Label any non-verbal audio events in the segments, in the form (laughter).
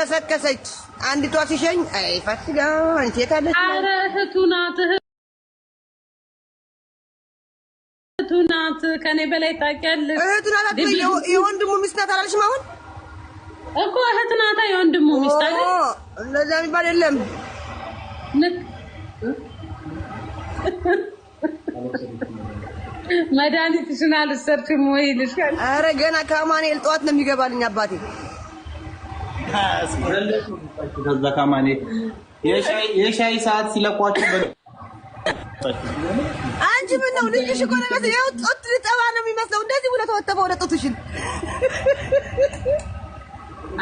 ተንከሰከሰች። አንዲቷ ሲሸኝ አይ ፈትጋ አንቺ የታለች? ኧረ እህቱ ናት፣ እህቱ ናት፣ ከኔ በላይ ታውቂያለሽ። እህቱ ናት። የወንድሙ ሚስት ናት አላልሽም? አሁን እኮ እህት ናታ የወንድሙ ሚስት አለ። እንደዛ የሚባል የለም። መድኃኒትሽን አልሰርችም ወይ ይልሻል። አረ ገና ከአማኑኤል ጠዋት ነው የሚገባልኝ አባቴ የሻይ ሰዓት ሲለቋችሁ አንቺ ምን ነው ልጅሽ እኮ ነው የሚመስለው። ያው ጦት ልጠባ ነው የሚመስለው። እንደዚህ ብሎ ተወተፈው ወደ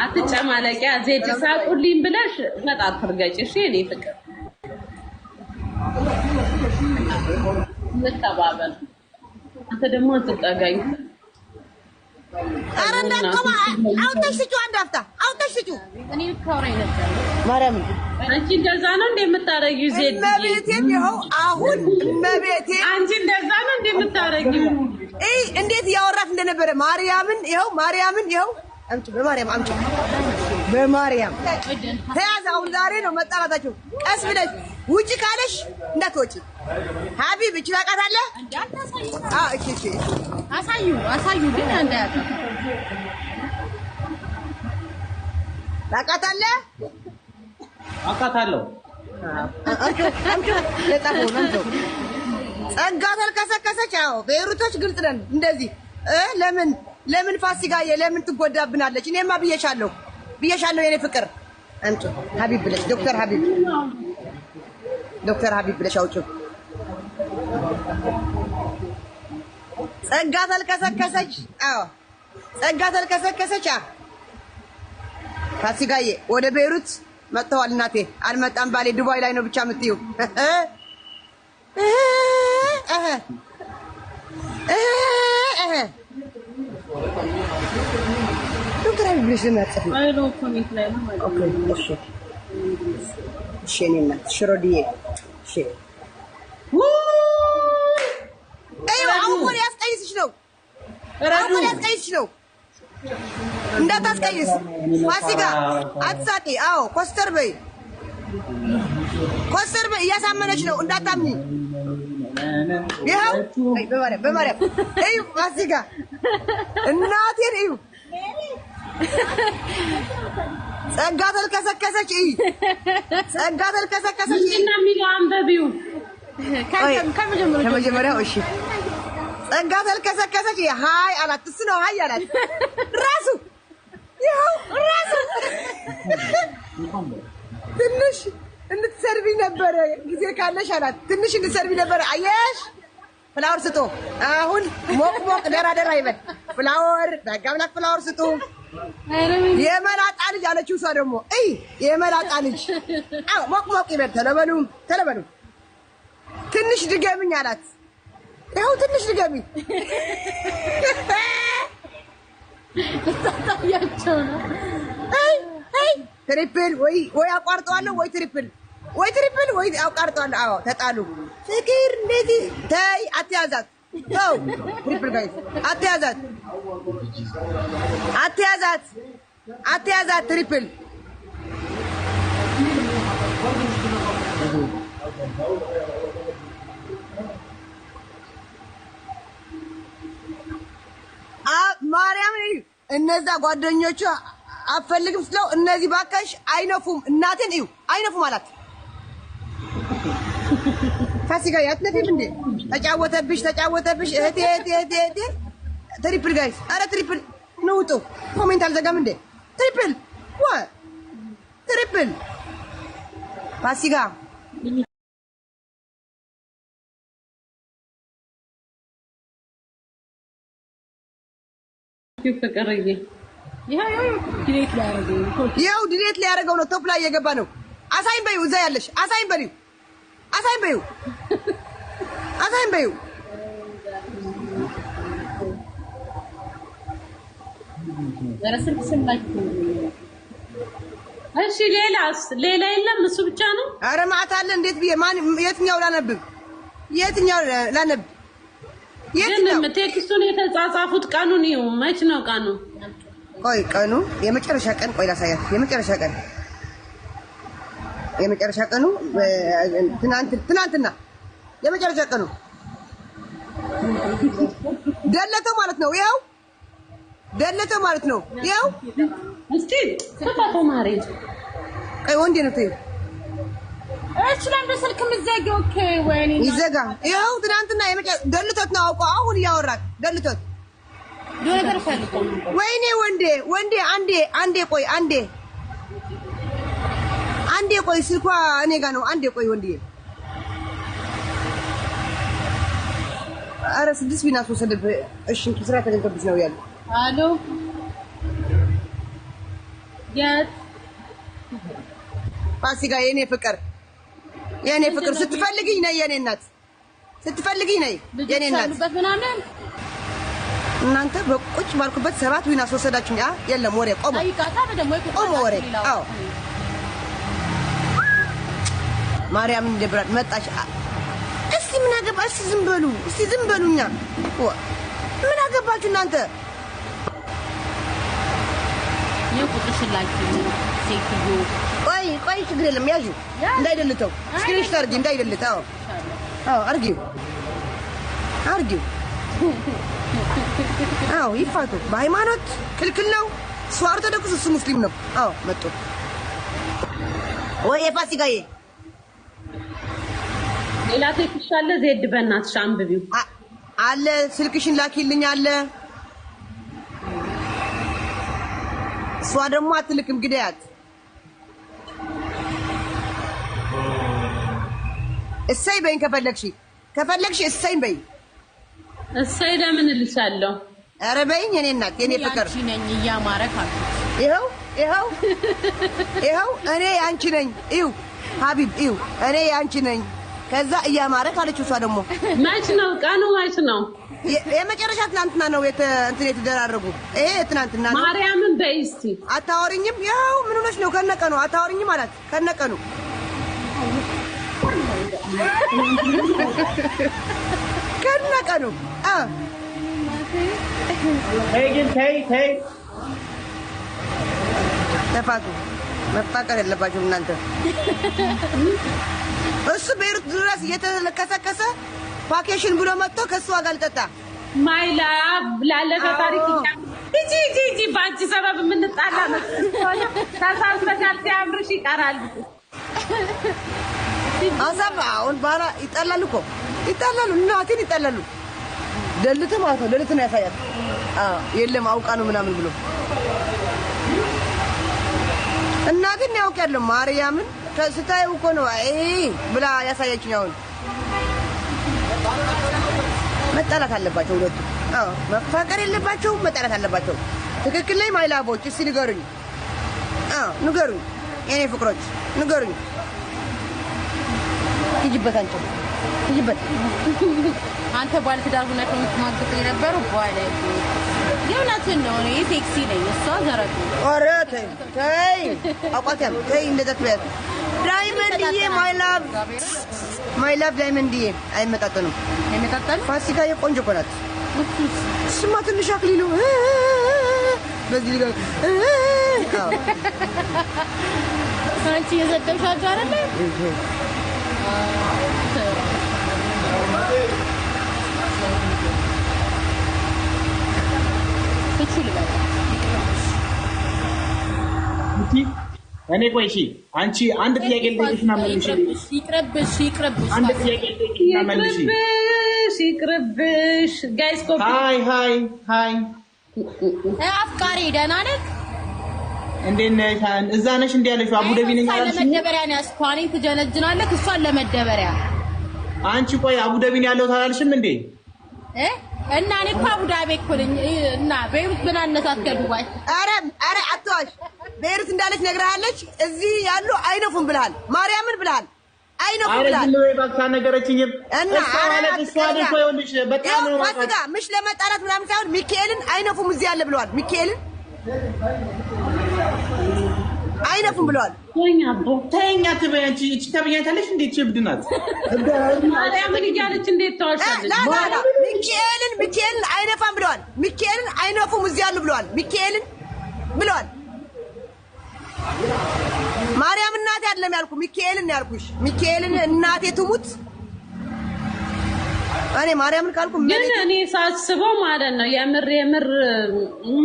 አትጨማለቂያ ዜድ ሳቁልኝ ብለሽ መጣ አትርገጭ። እሺ እኔ ፍቅር እንተባበር። አንተ ደግሞ አትጠጋኝ። ኧረ እንዳልከው አውጥተሽ ስጪው፣ አንድ አፍታ አውጥተሽ ስጪው። ማርያም አንቺ እንደዛ ነው እንደ የምታረጊው? ዜድ እመቤቴን፣ ይኸው አሁን እመቤቴን፣ አንቺ እንደዛ ነው እንደ የምታረጊው? እይ እንዴት እያወራት እንደነበረ ማርያምን፣ ይኸው ማርያምን፣ ይኸው አምጪው፣ በማርያም አምጪው በማርያም ተያዝ። አሁን ዛሬ ነው መጣላታቸው። ቀስ ብለሽ ውጭ ካለሽ እንዳትወጪ። ሀቢብ እቺ ታውቃታለህ? አዎ፣ እቺ እቺ አሳዩ አሳዩ። ግን እንዳያት ታውቃታለህ? አውቃታለሁ። ጸጋ ተልከሰከሰች። አዎ፣ ቤሩቶች ግልጽ ነን እንደዚህ። ለምን ለምን ፋሲካዬ ለምን ትጎዳብናለች? እኔማ ብዬሻለሁ ብዬሻለሁ። የኔ ፍቅር አምጪ ሀቢብ ብለሽ ዶክተር ሀቢብ ዶክተር ሀቢብ ብለሽ አውጪ ጸጋ ተልከሰከሰች። አዎ ጸጋ ተልከሰከሰች። አ ታሲጋዬ ወደ ቤይሩት መጥተዋል። እናቴ አልመጣም። ባሌ ዱባይ ላይ ነው ብቻ እህ እህ እህ ላይ ብለሽ መጽፍ ነው። ሽሮድዬ፣ አሁን ያስቀይስሽ ነው። አሁን ያስቀይስሽ ነው። እንዳታስቀይስ ማሲጋ አትሳቂ። አዎ ኮስተር በይ ኮስተር በይ። እያሳመነች ነው እንዳታምኝ። ይኸው በማርያም እዩ ማሲጋ እናቴን እዩ ጸጋ ተልከሰከሰች። እይ ጸጋ ተልከሰከሰች። ምንድን ነው የሚለው? አንበቢው ከመጀመሪያው። እሺ ጸጋ ተልከሰከሰች። ሀይ አላት። እሱ ነው ሀይ አላት። ራሱ ይኸው ራሱ ትንሽ እንድትሰርቢ ነበረ ጊዜ ካለሽ አላት። ትንሽ እንድትሰርቢ ነበረ አየሽ ፍላወር ስጡ። አሁን ሞቅ ሞቅ ደራ ደራ ይበል። ፍላወር በጋብላክ ፍላወር ስጡ። የመላጣ ልጅ አለችው እሷ ደግሞ እይ የመላጣ ልጅ አዎ፣ ሞቅ ሞቅ ይበል። ተለበሉ ተለበሉ። ትንሽ ድገምኝ አላት። ይኸው ትንሽ ድገሚ ታያቸው ነው። አይ አይ ትሪፕል ወይ ወይ አቋርጠዋለሁ ወይ ትሪፕል ወይ ትሪፕል ወይ አውቃርጧል። አዎ ተጣሉ። ፍቅር እንደዚህ ተይ፣ አትያዛት። ተው ትሪፕል ጋይ አትያዛት፣ አትያዛት፣ አትያዛት ትሪፕል ማርያም እነዛ ጓደኞቹ አፈልግም ስለው እነዚህ ባካሽ አይነፉም፣ እናቴን እዩ አይነፉም አላት። ፋሲካ ያትነፊም እንዴ? ተጫወተብሽ ተጫወተብሽ። እህቴ እህቴ እህቴ እህቴ ትሪፕል ጋይስ፣ አረ ትሪፕል ንውጡ። ኮሜንት አልዘጋም እንዴ? ትሪፕል ወ ትሪፕል ፋሲካ ፍቅርዬ ይኸው ድሌት ሊያደርገው ነው። ቶፕ ላይ እየገባ ነው። አሳይን በይው፣ እዛ ያለሽ አሳይን በይው፣ አሳይን በይው አታይም በይው እሺ ሌላስ ሌላ የለም እሱ ብቻ ነው ኧረ ማታ አለ እንዴት ብዬ ማን የትኛው ላነብብ የትኛው ላነብብ የትኛው ቴክስቱን የተጻጻፉት ቀኑን ይኸው መች ነው ቀኑ ቆይ ቀኑ የመጨረሻ ቀን ቆይ ላሳያት የመጨረሻ ቀን የመጨረሻ ቀኑ ትናንትና የመጨረሻ ቀኑ ደለተ ማለት ነው። ይኸው ደለተ ማለት ነው። ይኸው እስቲ ተፋቶ ማሪ ቀይ ወንዴ ነው ተይው ለምን በስልክ ምዘጊው ኦኬ ወይኔ ይዘጋ። ይኸው ትናንትና የመጨረሻ ደልቶት ነው አውቀው አሁን እያወራት ደልቶት ወይኔ ወንዴ ወንዴ አንዴ አንዴ ቆይ አንዴ አንዴ ቆይ ስልኳ እኔ ጋ ነው። አንዴ ቆይ ወንዴ አረ ስድስት ቢና አስወሰድብ። እሺ ስራ ተገኝቶብሽ ነው ያለው። አሎ የት ፋሲካ የኔ ፍቅር የኔ ፍቅር ስትፈልግኝ ነይ የኔ እናት ስትፈልግኝ ነይ የኔ እናት። እናንተ በቁጭ ባልኩበት ሰባት ዊና አስወሰዳችሁ። ያ የለም ወሬ ቆሞ ቆሞ ወሬ። አዎ ማርያምን ደብራት መጣች። ምን አገባሽ? ዝም በሉ እስቲ ዝም በሉኛ። ምን አገባችሁ እናንተ? የቁጥሽላችሁ ሴትዮ። ቆይ ቆይ፣ ችግር የለም ያዡ፣ እንዳይደልተው ስክሪንሾት አድርጊ፣ እንዳይደልት። አዎ አዎ፣ አድርጊው አድርጊው። አዎ አዎ ይፋቱ በሃይማኖት ክልክል ነው። እሷ ኦርቶዶክስ፣ እሱ ሙስሊም ነው። አዎ መጡ ወይ የፋሲካዬ ሌላ ቴክስት አለ። ዜድ በእናትሽ አንብቢው አለ። ስልክሽን ላኪልኝ አለ። እሷ ደግሞ አትልክም። ግዳያት እሰይ በይኝ። ከፈለግሽ ከፈለግሽ እሰይ በይኝ። እሰይ ለምን እልሻለሁ? ኧረ በይኝ። የኔ እናት የኔ ፍቅር ነኝ። እያማረክ ይኸው ይኸው ይኸው እኔ ያንቺ ነኝ። ሀቢብ ይው እኔ ያንቺ ነኝ። ከዛ እያማረ ካለች እሷ ደግሞ ማች ነው ቀኑ ማች ነው። የመጨረሻ ትናንትና ነው እንትን የተደራረጉ። ይሄ ትናንትና ነው። ማርያምን በይ እስኪ አታወሪኝም። ያው ምን ሆነች ነው ከነቀኑ አታወሪኝም አላት ከነቀኑ ከነቀኑ አ ተፋቱ። መፋቀር የለባችሁም እናንተ እሱ ቤይሩት ድረስ እየተከሰከሰ ፓኬሽን ብሎ መጥቶ ከእሱ ዋጋ ልጠጣ ማይላ ላለፈ ታሪክ እጂ እጂ እጂ በአንቺ ሰበብ የምንጣላ ነው። ተሳስበሻል። ሲያምርሽ ይቀራል። አሳብ አሁን ባላ ይጠላሉ እኮ ይጠላሉ፣ እናቴን ይጠላሉ። ደልት ማለት ነው። ደልት ነው ያሳያል። የለም አውቃ ነው ምናምን ብሎ እና ግን ያውቅ ያለው ማርያምን ስታይ እኮ ነው ብላ ያሳያችኝ። አሁን መጣላት አለባቸው ሁለቱ። መፋቀር የለባቸውም፣ መጣላት አለባቸው። ትክክል ላይ ማይላቦች፣ እስቲ ንገሩኝ፣ ንገሩኝ፣ የኔ ፍቅሮች ንገሩኝ። ሂጂበት፣ አንቺው ሂጂበት። አንተ ባለትዳር ሁነህ የምትማግጥ የነበረው በኋላ የእውነትን ነው። እኔ ሴክሲ ነኝ፣ እሷ ዘረቱ። ኧረ ተይ ተይ፣ አቋተም ተይ፣ እንደዛ ትበያት ዳይመንድዬ ማይ ላቭ ማይ ላቭ ዳይመንድዬ አይመጣጠኑም። አይመጣጠኑ ፋሲካዬ ቆንጆ እኮ ናት። ስማ ትንሽ አክሊሉ በዚህ ሊጋ አንቺ የዘገብሻቸው አይደለ? Thank እኔ ቆይ እሺ፣ አንቺ አንድ ጥያቄ ልጠይቅሽ መልሽ። ይቅርብሽ፣ ይቅርብሽ። አንድ ጥያቄ ልጠይቅሽ መልሽ። ይቅርብሽ፣ ይቅርብሽ። ጋይስ ኮፒ። ሃይ ሃይ ሃይ። አፍቃሪ ደህና ነህ? እንዴት ነሽ? እዛ ነሽ? እንዲህ ያለሽው አቡዳቢ ነኝ አላልሽም? ለመደበሪያ ነው ያዝኩህ። እኔን ትጀነጅናለህ፣ እሷን ለመደበሪያ። አንቺ ቆይ አቡዳቢ ነው ያለሁት አላልሽም እንዴ? እና እኔ እኮ አቡዳቤ እኮ ነኝ እና ቤይሩት ምን አነሳት ከዱባይ? ኧረ ኧረ አትዋሽ። ቤይሩት እንዳለች ነግራለች። እዚህ ያሉ አይነፉን ብለሃል፣ ማርያምን ብለሃል፣ አይነፉም ብለሃል። እባክህ ነገረችኝም እና ፋሲካ ምሽ ለመጣላት ምናምን ሳይሆን ሚካኤልን አይነፉም እዚህ ያለ ብለዋል። ሚካኤልን አይነፉም ብለዋል። ተኛ ተብኛታለች። እንዴት እብድ ናት? ማርያምን እያለች እንዴት ተዋሻለች? ሚካኤልን ሚካኤልን አይነፋም ብለዋል። ሚካኤልን አይነፉም እዚህ ያሉ ብለዋል። ሚካኤልን ብለዋል። ማርያም እናቴ አይደለም ያልኩ ሚካኤልን ያልኩሽ። ሚካኤልን እናቴ ትሙት እኔ ማርያምን ካልኩ ግን እኔ ሳስበው ማለት ነው የምር የምር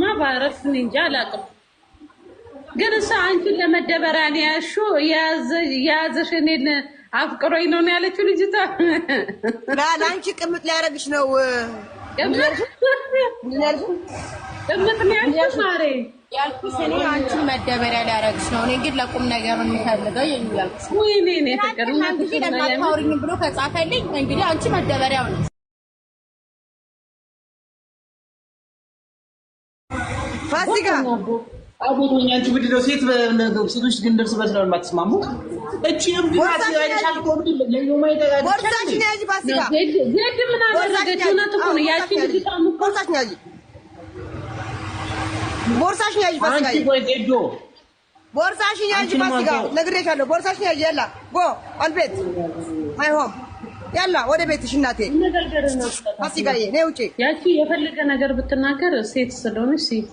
ማ ባረፍ አላውቅም ግን እሷ አንቺን ለመደበሪያ ነው ያልሺው። የያዘሽ እኔን አፍቅሮኝ ነው ያለችው ልጅቷ። ለአንቺ ቅምጥ ሊያደርግሽ ነው። ቅምጥ ያልኩሽ ማሬ ያልኩሽ እኔ አንቺን መደበሪያ ሊያደርግሽ ነው። እኔ ግን ለቁም ነገር የምፈልገው የሚያልኩሽ ለማታወሪኝ ብሎ ከጻፈልኝ እንግዲህ አንቺ መደበሪያው ነው። ፋሲካ አጎቶኛ አንቺ ምንድን ነው ሴት ሴቶች ግን ደርስ በስ ነው የማትስማሙ። እቺ እምብራት ያልቻል ኮብድ ለዮማ ይተጋል ወርሳሽ ነጂ ባስጋ ዘድ ነው ያቺ ያላ ወደ ቤትሽ እናቴ ባስጋዬ ነይ ውጪ። ያቺ የፈለገ ነገር ብትናገር ሴት ስለሆነች ሴት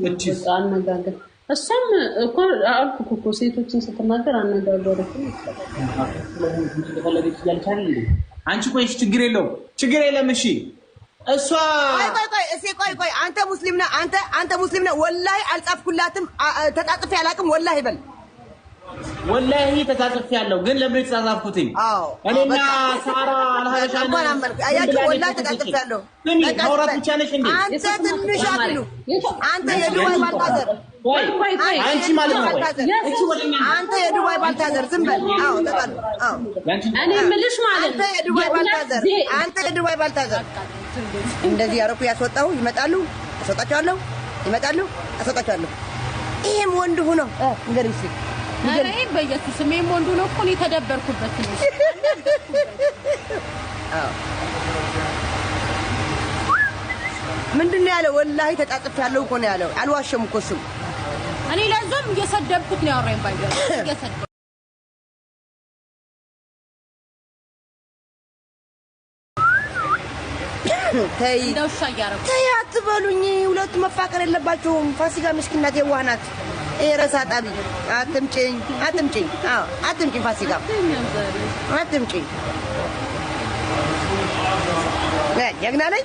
አነጋገር እሷም እኮ አልኩ እኮ ሴቶችን ስትናገር አነጋገረችኝ። አንቺ ቆይ ችግር የለውም ችግር የለም። እሺ እሷ ቆይ ቆይ አንተ ሙስሊም ነህ አንተ አንተ ሙስሊም ነህ? ወላሂ አልጻፍኩላትም፣ ተጻጽፌ አላውቅም። ወላሂ በል ወላሂ ተጻጽፌ አለው ግን ለምን የተጻጻፍኩትኝ? እኔና ሳራ አልሀበሻ ብቻ ነሽ እንዴ? አንተ ትንሽ አትሉ አንተ የዱባይ ባልታዘር አንቺ ማለት ነው አንተ የዱባይ ባልታዘር ዝም በል። አዎ ተጣሉ። አዎ እኔ የምልሽ ማለት ነው አንተ የዱባይ ባልታዘር እንደዚህ ያረኩ ያስወጣው ይመጣሉ፣ አስወጣቸዋለሁ፣ ይመጣሉ፣ አስወጣቸዋለሁ። ይሄም ወንድ ሆኖ እንግዲህ እስኪ አይ በኢየሱስ ስሜም ወንድ ሆኖ እኮ ነው የተደበርኩበት። አዎ ምንድን ነው ያለው? ወላሂ ተጣጥፍ ያለው እኮ ነው ያለው። አልዋሸም እኮ እሱም እኔ ለዛም እየሰደብኩት ነው ያወራኝ ባይ እየሰደብኩት ተይ አትበሉኝ። ሁለቱ መፋቀር የለባቸውም። ፋሲካ ምስኪናት የዋህ ናት። ረሳ ጣቢ አትምጪኝ፣ አትምጪኝ፣ አትምጪኝ፣ ፋሲካ አትምጪኝ። ጀግና ነኝ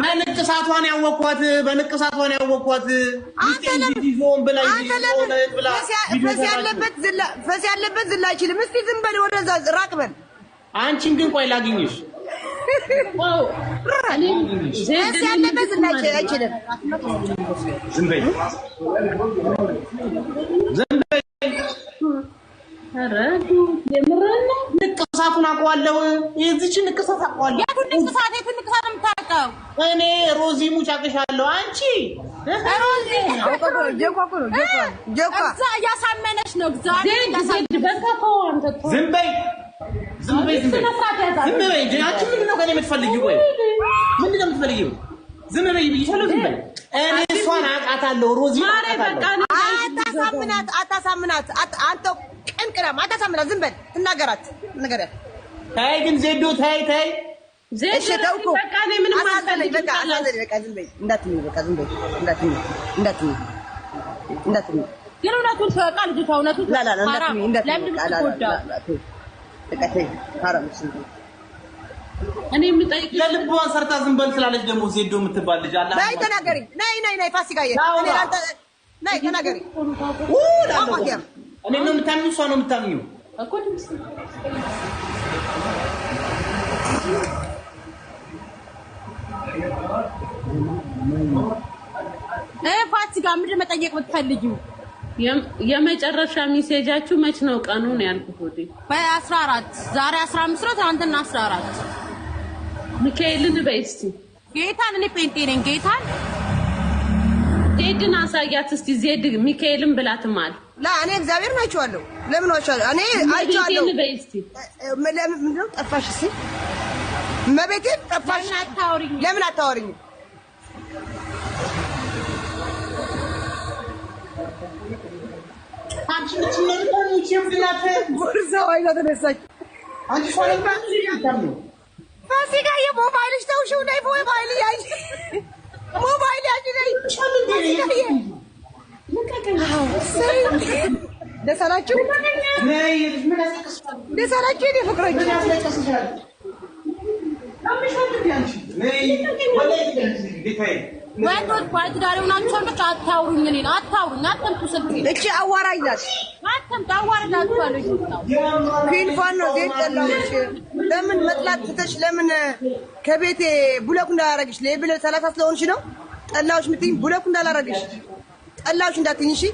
በንቅሳቷን ያወኳት በንቅሳቷን ያወኳት ፈስ ያለበት ዝላ አይችልም። እስቲ ዝም በል ወደዛ ራቅ በል። አንቺን ግን ቆይ ላግኝሽ። ያለበት ዝላ ንቅሳቱን አውቀዋለሁ። የዚችን ንቅሳት አውቀዋለሁ። የመጣው? እኔ ሮዚ ሙጫቅሻለሁ። አንቺ ሮዚ እዛ እያሳመነች ነው። ዝም በይ ዝም በይ አንቺ ምንድን ነው ከእኔ የምትፈልጊው? ምንድን ነው የምትፈልጊው? ዝም በይ ዝም በይ እኔ እሷን አውቃታለሁ። ሮዚ አታሳምናት፣ አታሳምናት። አንተ አታሳምናት። ዝም በል ትናገራት፣ ንገሪያት። ተይ ግን ዜዶ ተይ፣ ተይ እኔ ሰርታ ዝም በል ስላለች ደግሞ ዜዶ የምትባል ልጅ አለ። ነይ ተናገሪ፣ ነይ ነይ ነይ ፋሲካዬ፣ ነይ ተናገሪ። እኔ ነው የምታምኙ እሷ ነው የምታምኙ ፋት ጋር ምንድን መጠየቅ ብትፈልጊው የመጨረሻ ሚሴጃችሁ መች ነው? ቀኑ ነው ያልኩት። ወዴ በአስራ አራት ዛሬ አስራ አምስት ነው ትናንትና አስራ አራት ሚካኤልን በይ እስኪ ጌታን። እኔ ጴንጤ ነኝ። ጌታን ዜድን አሳያት እስኪ። ዜድ ሚካኤልን ብላትማል ላ እኔ እግዚአብሔር ናቸዋለሁ። ለምን ዋቸዋለሁ? እኔ አይቸዋለሁ። ለምን ጠፋሽ? እስኪ መቤቴን ጠፋሽ። ለምን አታወሪኝ? Hani şimdi çimleri koyun için fiyatı. Burası ayladı mesela. Hani şu an ben düzeyim tamam. Fasikayı mobile işte şu ne mobile yani. (laughs) Mobile yani. Çamın dereye. Ne kadar? Ah, sanatçı mı? Ne sanatçı ne fıkra ki? Ne? Ne? Ne? Ne? Ne? Ne Ne Ne Ne Ne Ne Ne Ne Ne Ne ወንዶች ባለትዳር የሆናችሁ ሰዎች አታውሩኝ፣ እኔን አታውሩኝ፣ አትምጡ። ስልክ እቺ አዋራኝ ናት። አትምጡ፣ አዋራላችኋለሁ። ኩዊን ነው ዜድ ጠላሁሽ። ለምን መጥላት ትተሽ ለምን ከቤቴ ቡለኩ እንዳላረግሽ ለብለ ሰላሳ ስለሆንሽ ነው ጠላሁሽ የምትይኝ። ቡለኩ እንዳላረግሽ ጠላሁሽ እንዳትይኝ እሺ።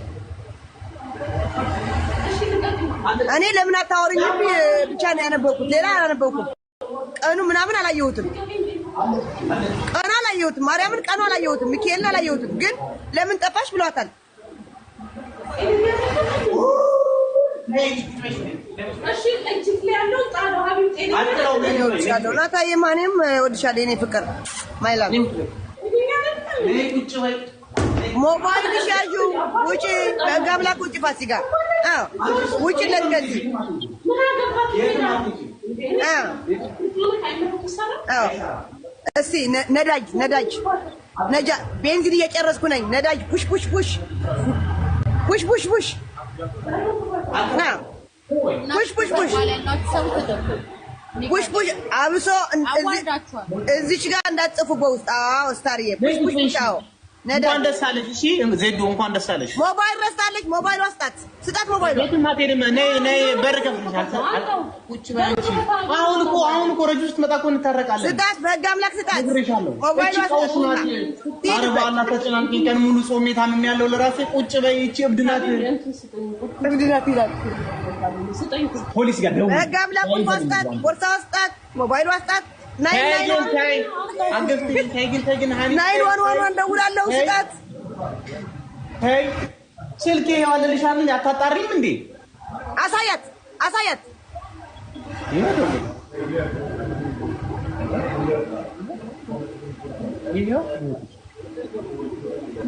እኔ ለምን አታወሪኝ ብቻ ነው ያነበብኩት፣ ሌላ አላነበብኩም። ቀኑ ምናምን አላየሁትም። አላየሁትም። ማርያምን ቀኑ አላየሁትም። ሚካኤልን አላየሁትም። ግን ለምን ጠፋሽ ብሏታል። ናታዬ ማንም ወድሻለሁ የኔ ፍቅር ማይላ ሞባይልሽ ያዥው ውጪ፣ በጋብላ ቁጭ ፋሲካ ለትገዚ እስቲ ነዳጅ ነዳጅ ነጃ ቤንዚን እየጨረስኩ ነኝ። ነዳጅ ፑሽ ሽ ፑሽ ፑሽ ፑሽ ፑሽ ፑሽ ፑሽ አብሶ እዚች ጋር እንዳትጽፉ በውስጥ አዎ ስታርዬ ፑሽ ፑሽ ፑሽ እንኳን ደስ አለሽ። እሺ ዜዱ እንኳን ደስ አለሽ። ሞባይል ረስታለች። ሞባይል ዋስጣት ስጣት። ሞባይል ቤትም አትሄድም። ነይ ነይ፣ በር ከፍተሻል። አሁን እኮ አሁን እኮ ረጁ ስትመጣ እኮ እንታረቃለን። ስጣት፣ በሕግ አምላክ ስጣት። ሞባይል ዋስጣት። አርባ አላት ተጨናንቄ ቀን ሙሉ ጾሜ ታምሜ ያለው ለራሴ ቁጭ በይ። ይቺ እብድ ናት እብድ ናት ይላል። ፖሊስ ጋር ደውል። በሕግ አምላክ ዋስጣት፣ ቦርሳ ዋስጣት፣ ሞባይል ዋስጣት ናይን ዋን ዋን ዋን ደውላለሁ። ስጣት ስልክ ይኸዋልልሻል። አታጣሪም እንዴ? አሳያት አሳያት።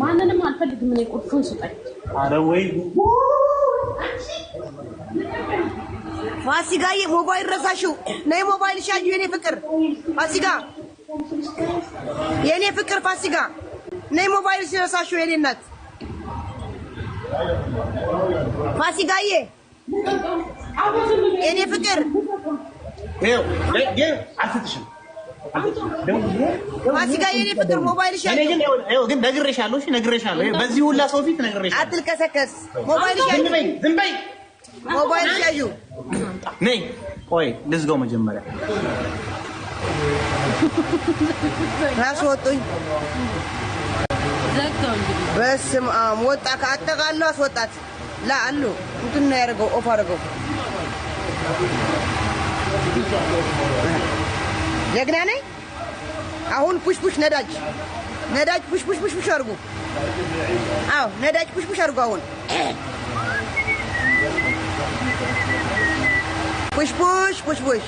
ማንንም አልፈልግም እኔ ቁልፉን ስጠኝ። ኧረ ወይ ፋሲካ ሞባይል ረሳሽው? ነይ ሞባይል ሻጁ። የኔ ፍቅር ፋሲካ፣ የኔ ፍቅር ፋሲካ፣ ነይ ሞባይል ሲረሳሽው። የኔ እናት ፋሲካዬ፣ የኔ ፍቅር ፋሲካ የኔ ፍቅር ሞባይል ሻል። ግን ነግሬሻለሁ። እሺ ነግሬሻለሁ፣ በዚህ ሁላ ሰው ፊት ነግሬሻለሁ። አትልከሰከስ። ሞባይል ዝም በይ ሞባይል ልምጣ። ነይ ቆይ ልዝጋው መጀመሪያ። አስወጡኝ። በስመ አብ ወጣ። ከአጠቃሉ አስወጣት። ላ አሉ እንትን ነው ያደርገው። ኦፍ አድርገው። ጀግና ነኝ። አሁን ፑሽፑሽ ነዳጅ ነዳጅ ፑሽፑሽ ፑሽፑሽ አዎ ነዳጅ ፑሽፑሽ አድርጉ አሁን Push, push, push, push.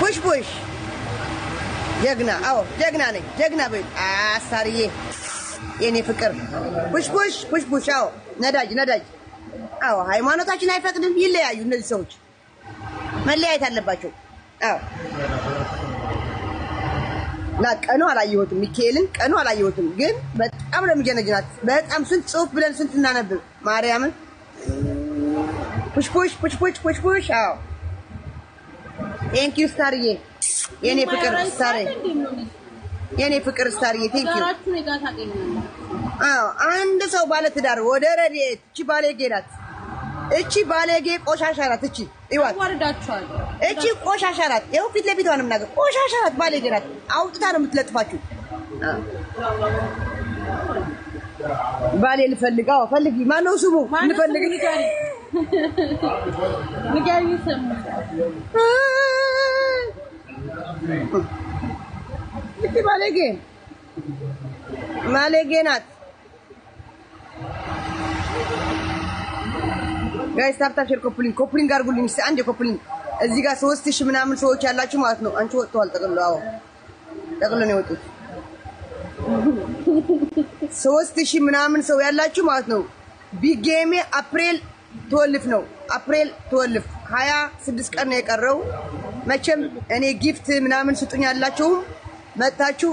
ፑሽ ፑሽ ጀግና። አዎ ጀግና ነኝ፣ ጀግና በይ አሳርዬ፣ የኔ ፍቅር። ፑሽ ፑሽ ፑሽ ፑሽ። አዎ ነዳጅ ነዳጅ። አዎ ሃይማኖታችን አይፈቅድም፣ ይለያዩ። እነዚህ ሰዎች መለያየት አለባቸው። አዎ ና ቀኑ አላየሁትም፣ ሚካኤልን ቀኑ አላየሁትም፣ ግን በጣም ለምጀነጅናት በጣም ስንት ጽሁፍ ብለን ስንት እናነብብ ማርያምን ፑሽ ፑሽ ፑሽ ፑሽ ፑሽ ፑሽ። አዎ ቴንኪዩ ስታርዬ፣ የኔ ፍቅር ስታርዬ፣ የኔ ፍቅር ስታርዬ፣ ቴንኪዩ። አዎ አንድ ሰው ባለ ትዳር ወደ ረድኤት፣ እቺ ባለጌ ናት፣ እቺ ባለጌ ቆሻሻ ናት፣ እቺ ይዋት፣ እቺ ቆሻሻ ናት። ይኸው ፊት ለፊት ዋንም ነገር ቆሻሻ ናት፣ ባለጌ ናት። አውጥታ ነው የምትለጥፋችሁ። ባሌ ልፈልግ፣ አዎ ፈልጊ። ማነው ስሙ? እንፈልግ ንገሪው ስም እቲ ባለጌ ባለጌ ናት። ጋይስ ታፕታፕ ሼር ኮፕሊንግ ኮፕሊንግ አድርጉልኝ። እስኪ አንድ ኮፕሊንግ እዚህ ጋር ሶስት ሺህ ምናምን ሰዎች ያላችሁ ማለት ነው። አንቺ ወጥተዋል ጠቅሎ አዎ ጠቅልሎ ነው የወጡት። ሶስት ሺህ ምናምን ሰው ያላችሁ ማለት ነው። ቢግ ጌሜ ትወልፍ ነው። አፕሪል ትወልፍ። ሀያ ስድስት ቀን ነው የቀረው። መቼም እኔ ጊፍት ምናምን ስጡኝ ያላችሁም መታችሁ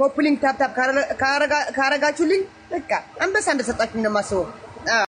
ኮፕሊንግ ታፕታፕ ካረጋችሁልኝ በቃ አንበሳ እንደሰጣችሁ ነው